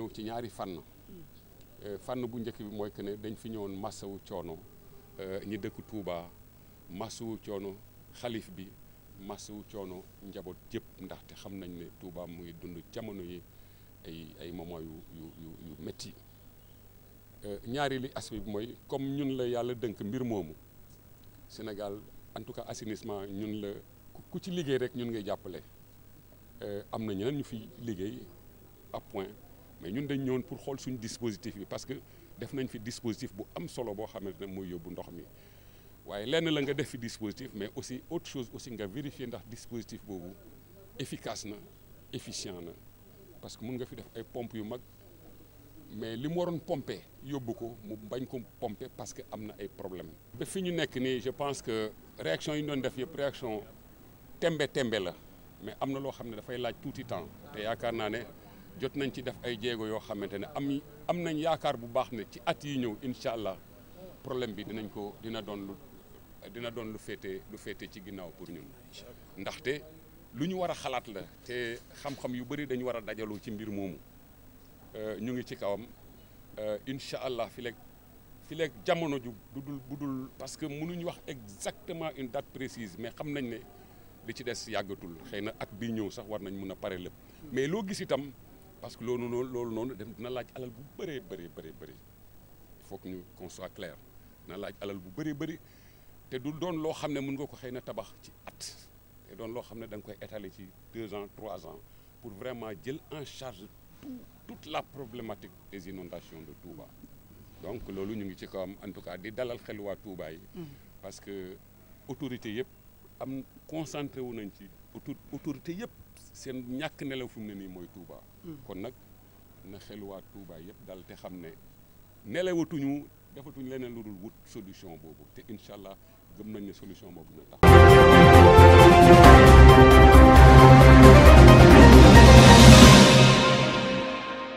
ñëw ci ñaari fànn mm. euh, fànn bu njëkk bi mooy que ne dañ fi ñëwoon massawu coono euh, ñi dëkk Touba massawu coono xalif bi massawu coono njaboot yëpp ndaxte xam nañ ne Touba mu dund jamono yi ay ay moment yu yu yu euh, ñaari li aspect bi mooy comme ñun la yàlla dënk mbir moomu Sénégal en tout cas assainissement ñun la ku ci liggéey rek ñun ngay jàppale am na ñeneen ñu fi liggéey à mais ñun dañ ñëwoon pour xool suñu dispositif bi parce que def nañ fi dispositif bu am solo boo xamante ne mooy yóbbu ndox mi waaye lenn la nga def fi dispositif mais aussi autre chose aussi nga vérifier ndax dispositif boobu efficace na efficient na parce que mun nga fi def ay pompes yu mag mais li mu waroon pompe yóbbu ko mu bañ ko pompe parce que am na ay problème ba fi ñu nekk nii je pense que réaction yi ñu def yëpp réaction tembe tembe la mais am na loo xam ne dafay laaj tuuti temps yaakaar naa ne jot nañ ci def ay jéego yoo xamante ne am am nañ yaakaar bu baax ne ci at yi ñëw incha allah problème bi dinañ ko dina doon lu dina doon lu féete lu féete ci ginnaaw pour ñun ndaxte lu ñu war a xalaat la te xam-xam yu bëri dañu war a dajaloo ci mbir moomu euh, ñu ngi ci kawam euh, incha allah fi leeg fi jamono ju du dul bu dul parce que mënuñ wax exactement une date précise mais xam nañ ne li ci des yàggatul xëy na at bii ñëw sax war nañ mun a pare lépp mais loo gis itam parce que loolu noonu loolu noonu dem dina laaj alal bu bëree bëri bëri bëri il ñu qu'on soit clair dina laaj alal bu bëri bëri te du doon loo xam ne mën nga ko xëy na tabax ci at loo xam ne da nga koy étaler ci deux ans trois ans pour vraiment jël en charge tout toute la problématique des inondations de Touba donc loolu ñu ngi ci kawam en tout cas di dalal xel waa yi mm. parce que autorité yëpp am concentré wu nañ ci autorité yëpp seen ñàkk nelaw fu ne nii mooy Touba. kon nag na xeluwaat Touba yëpp dal te xam ne nelawatuñu defatuñ leneen lu dul wut solution boobu te incha allah gëm nañ ne solution boobu na tax.